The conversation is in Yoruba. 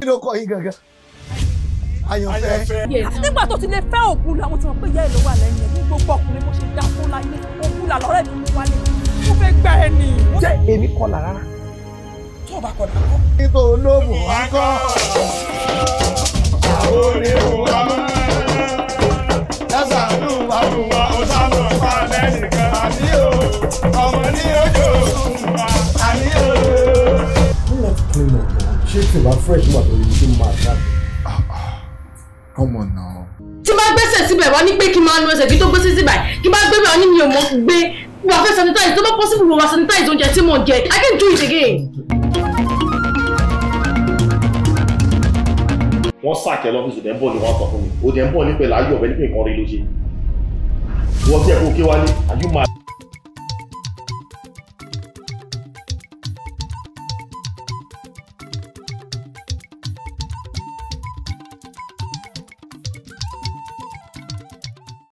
kí ló kọ gangan àyànfẹ́. nígbà tó ti lè fẹ́ òkú làwọn ti mọ̀ pé ìyá ẹ̀ ló wà lẹ́yìn ẹ̀ ní gbogbo ọkùnrin bó ṣe dá fún láyé òkú là lọ́rẹ́ mi mú wálé mo fẹ́ gba ẹ nì. jẹ́ èmi kọlà rárá. tó o bá kọlà kọ́. níbo olóòmù wá kọ́. àwọn orin òun wá mọ́. lásàánú wa fún wa ó sábà pa lẹ́nìkan àní o ọmọ ní ojú òun wa àní o ṣé tí ìwà fresh wà tó yẹ kí n máa ṣáà. ọmọ náà. tí bá gbẹ́sẹ̀ síbẹ̀ wọ́n ní pé kí n máa lo ẹsẹ̀ kí tó gbé síbẹ̀ kí bá gbẹ́bẹ̀ wọ́n ní mi ò mọ̀ gbé wà fẹ́ sanitize tó bá possible wà sanitize oúnjẹ tí mo jẹ I can do it again. wọ́n sàkẹ́ lọ́fíìsì dẹ̀ ń bọ̀ ní wọ́n sọ fún mi òdẹ̀ ń bọ̀ nípẹ̀ láyọ̀ ọ̀bẹ nípẹ̀ kan rí ló ṣe wọ́n jẹ́ kó kí wálé àyùmá